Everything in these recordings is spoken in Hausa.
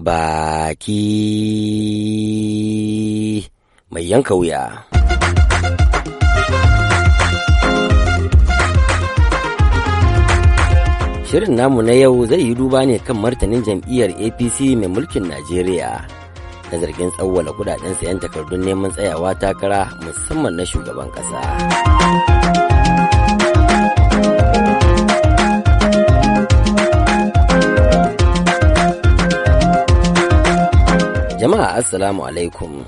baki mai yanka wuya. Shirin namu na yau zai yi duba ne kan martanin jam'iyyar APC mai mulkin Najeriya na zargin tsawwala kudaden sayan takardun neman tsayawa takara musamman na shugaban ƙasa. Jama'a Assalamu alaikum.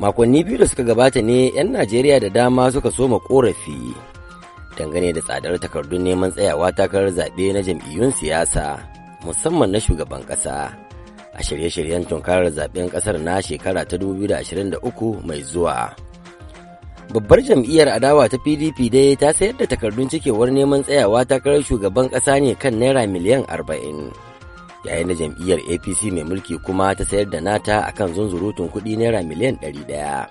Makonni biyu da suka gabata ne 'yan Najeriya da dama suka soma korafi dangane da tsadar takardun neman tsayawa takarar zaɓe na jam'iyyun siyasa musamman na shugaban ƙasa a shirye-shiryen tunkarar zaɓen ƙasar na shekara ta 2023 mai zuwa. Babbar jam'iyyar adawa ta PDP dai ta sayar da takardun cikewar neman tsayawa takarar shugaban ƙasa ne kan naira miliyan arba'in. yayin da jam'iyyar apc mai mulki kuma ta sayar da nata a kan zunzurutun kuɗi naira miliyan ɗari ɗaya.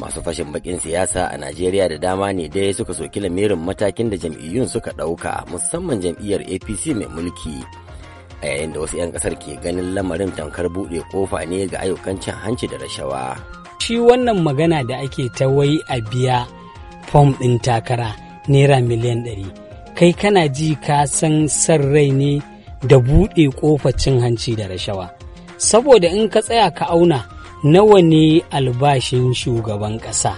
masu fashin bakin siyasa a najeriya da dama ne dai suka soki lamirin matakin da jam'iyyun suka ɗauka musamman jam'iyyar apc mai mulki a yayin da wasu 'yan kasar ke ganin lamarin tankar buɗe kofa ne ga ayyukan cin hanci da rashawa shi wannan magana da ake ta wai a biya fom ɗin takara naira miliyan ɗari kai kana ji ka san san rai ne da buɗe ƙofa cin hanci da rashawa saboda in ka tsaya ka auna nawa ne albashin shugaban ƙasa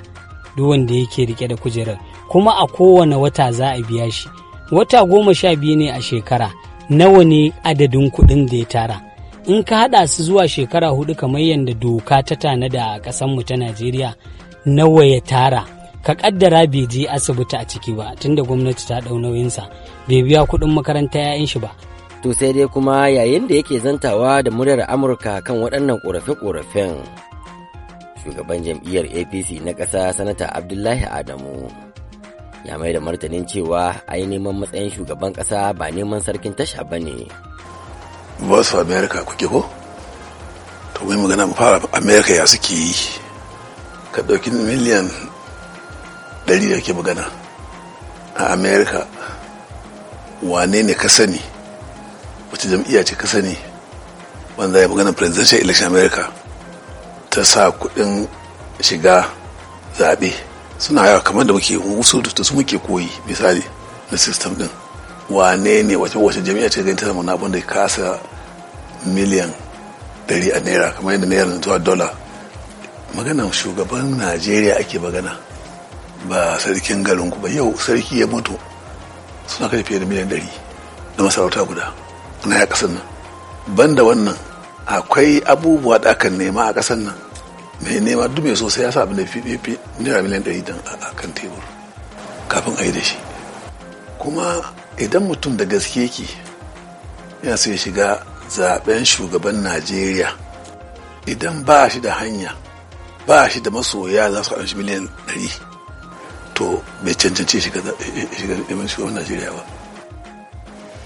duk wanda yake rike da kujerar kuma a kowane wata za a biya shi wata goma sha biyu ne a shekara nawa ne adadin kuɗin da ya tara in ka haɗa su zuwa shekara hudu kamar yadda doka ta tanada a ƙasanmu ta najeriya nawa ya tara ka ƙaddara bai je asibiti a ciki ba tunda gwamnati ta ɗau nauyinsa bai biya kuɗin makaranta 'ya'yan shi ba To sai dai kuma yayin da yake zantawa da muryar Amurka kan waɗannan ƙorafe-ƙorafen. Shugaban jam'iyyar APC na ƙasa Sanata Abdullahi Adamu ya mai da martanin cewa ai neman matsayin shugaban ƙasa ba neman sarkin tasha ba ne. Ba su Amerika kuke ko? To mai magana mu fara Amerika ya suke yi. Ka ɗauki miliyan ɗari da ke magana a Amerika wane ne ka sani? wace jam'iyya ce ka sani wanda ya magana presidential election america ta sa kuɗin shiga zaɓe suna yawa kamar da muke wasu da su muke koyi misali na system din wane ne wace jami'a ce gani ta samu abin da kasa miliyan dari a naira kamar yadda naira na zuwa dola maganan shugaban najeriya ake magana ba sarkin garin ku ba yau sarki ya mutu suna kai fiye da miliyan dari na masarauta guda na ya ƙasar nan banda wannan akwai abubuwa da aka nema a ƙasar nan mai nema duk mai sai ya sa abin da fifi naira miliyan ɗari a kan tebur kafin a yi da shi kuma idan mutum da gaske yake yana so ya shiga zaben shugaban najeriya idan ba shi da hanya ba shi da masoya za su shi miliyan ɗari to bai cancanci shiga shugaban najeriya ba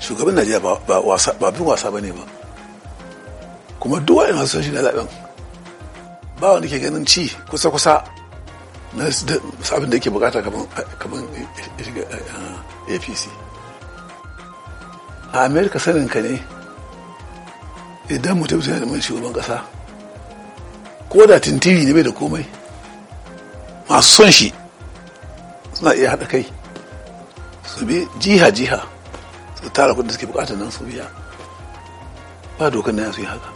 shugaban najeriya ba wasa ba ne ba kuma duk wa'in masu shi na zaben ba wanda ke ganin ci kusa kusa na abin da yake bukata kamar eh, eh, eh, apc a amerika ka ne idan mutum yana mai shugaban kasa ko da tintiri ne bai da komai masu son shi suna iya haɗa kai su bi jiha-jiha su tara kudin suke bukata nan su biya ba dokar na yasu yi haka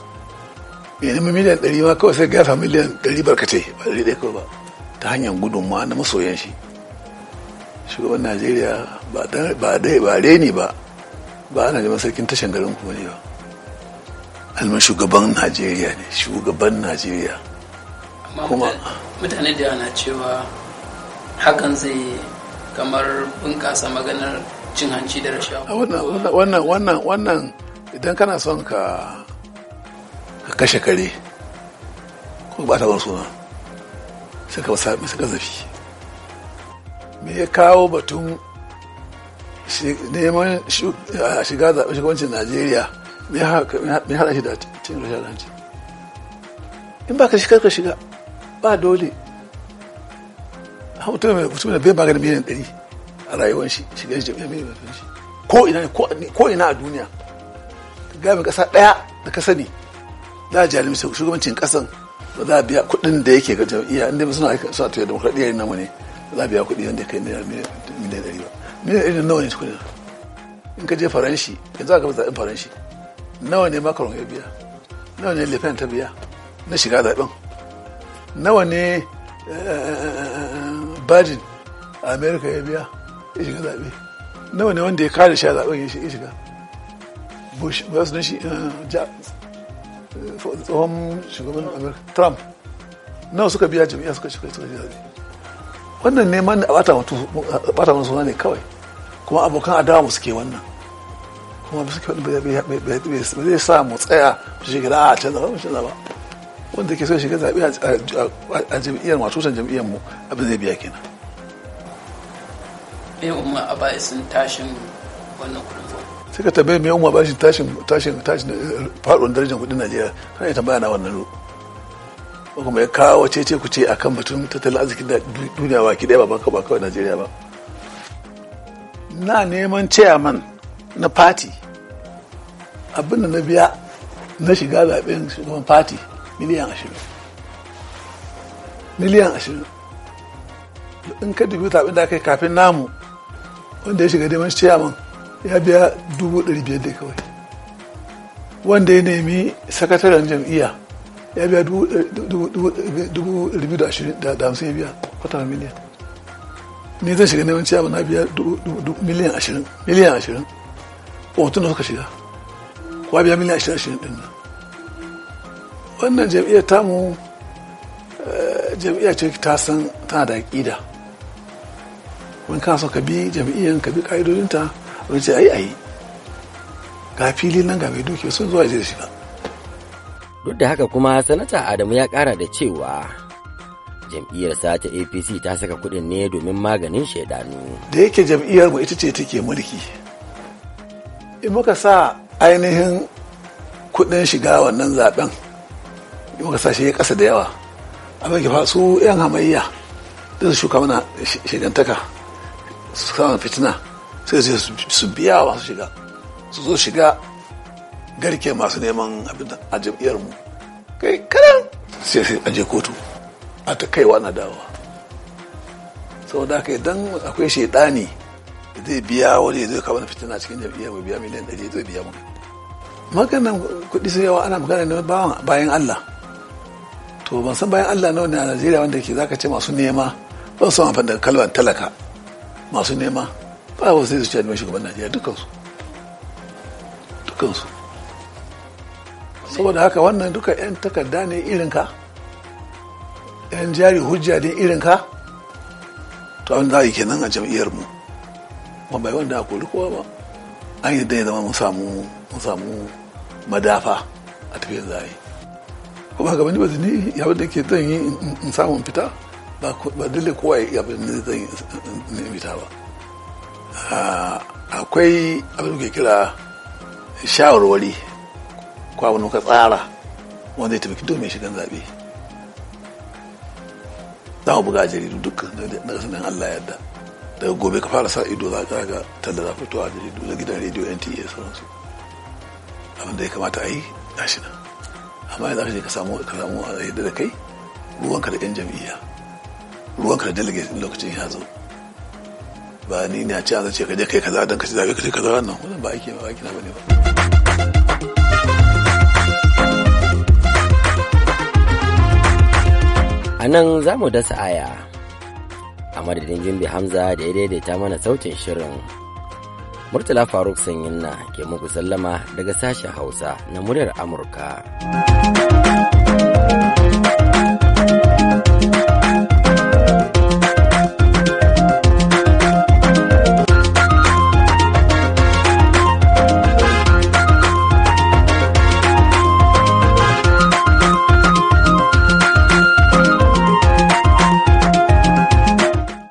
mai neman miliyan ɗari ma kawai sai gafa miliyan ɗari barkatai ba ɗari ɗaya kawai ba ta hanyar ma na masoyan shi shugaban najeriya ba dai ba reni ba ba ana neman sarkin tashin garin kuma ne ba alman shugaban najeriya ne shugaban najeriya kuma mutane da yana cewa hakan zai kamar bunƙasa maganar cin hanci da rashawa ah, wannan wannan idan kana son ka kashe kare ko ba ta wani suna suka ka sami suka zafi me ya kawo batun neman shiga zaɓe shugabancin najeriya me haɗa shi da cin rashin hanci in ba ka shi ka shiga ba dole mutum mai bai maganin miliyan ɗari a rayuwar shi shiga jami'a mai da shi ko ina ko ina a duniya gami kasa daya da ka sani za a jalimi shugabancin kasan ba za a biya kuɗin da yake ga jami'a inda suna aika a tuya demokradiyya yin namu ne ba za a biya kudi wanda ya kai miliyan ɗari ba miliyan ɗari nawa ne su kuɗin in ka je faranshi yanzu aka faranshi nawa ne makaron ya biya nawa ne lefen ta biya na shiga zaɓen nawa ne eh, eh, eh, bajin a amerika ya biya ya shiga zaɓe nawa ne wanda ya kare shi a zaɓen ya shiga bush ba su shi eh, eh, tsohon shugaban amurka trump nawa suka biya jami'a suka shiga suka zaɓe wannan neman da bata wani suna ne kawai kuma abokan adawa musu ke wannan kuma musu ke wannan zai sa mu tsaya mu shiga a canza ba mu canza ba wanda ke so shiga zaɓe a jam'iyyar masu jam'iyyar mu abin zai biya kenan me umma a ba'isin tashin wannan sai ka tambaye me umma bashin tashin tashin tashin faɗon darajar kudin Najeriya kan iya tambaya na wannan ko kuma ya kawo cece ku ce a kan batun tattalin arzikin duniya ba ki ɗaya ba ba kawai Najeriya ba na neman chairman na party abin da na biya na shiga zaɓen shugaban party miliyan ashirin miliyan ashirin in ka dubi zaɓen da aka yi kafin namu wanda ya shiga neman ciyaman ya biya dubu ɗari biyar da kawai wanda ya nemi sakataren jam'iyya ya biya dubu ɗari biyu da ashirin da hamsin ya biya kwatar miliyan ne zai shiga neman ciyaman na biya miliyan ashirin miliyan ashirin hotun oh, da suka shiga kuwa biya miliyan ashirin ashirin ɗin nan wannan jam'iyyar tamu eh, jam'iyyar ce ta san tana da ƙida in ka ka bi jam'iyyar ka bi ka'idodinta a ce ai ai ga fili nan ga mai duke sun zuwa je shi duk da haka kuma sanata adamu ya kara da cewa jam'iyyar ta apc ta saka kudin ne domin maganin shaidanu da yake jam'iyyar mu ita ce take mulki in muka sa ainihin kudin shiga wannan zaben in muka sa shi ya kasa da yawa a ke su yan hamayya da su shuka mana shaidantaka su kama fitina sai sai su biya masu shiga su zo shiga garke masu neman abin a jam'iyyarmu kai karan sai sai aje kotu a ta kaiwa na dawowa saboda haka idan akwai shaidani zai biya wani zai kawo na fitina cikin jam'iyyar mai biya miliyan ɗari zai biya mu maganan kuɗi sai yawa ana magana ne bayan Allah to ban san bayan Allah nawa ne a Najeriya wanda ke zaka ce masu nema ba su amfani da kalmar talaka masu nema ba wasu sai su ci hannun shugaban najeriya dukansu dukansu saboda haka wannan duka 'yan takarda ne irinka yan jari hujja ne irinka to abin za yi kenan a jam'iyyar mu ba bai wanda a kori kowa ba an yi ya zama mun samu mun samu madafa a tafiyar zai a kuma ga wani ba ni ya da ke zan yi in samun fita ba dole kowa ya abu da zai nemi ta ba akwai abin da kira shawarwari ko abin ka tsara wanda ya taimaki domin shigan zaɓe za mu buga jaridu duk daga sanin Allah yadda daga gobe ka fara sa ido za ka ga talla za fitowa jaridu da gidan rediyo NTA sauransu abin da ya kamata a yi shi nan amma yanzu aka je ka samu a da kai ruwanka da 'yan jam'iyya ruwanka da delegate lokacin ya zo ba ni na ci an ce ka je kai kaza dan ka ci zabe ka ce kaza wannan wannan ba aiki ba aiki na bane ba a nan za mu dasa aya a madadin jimbi hamza da ya daidaita mana sautin shirin murtala faruk sanyin na ke muku sallama daga sashen hausa na muryar amurka thank you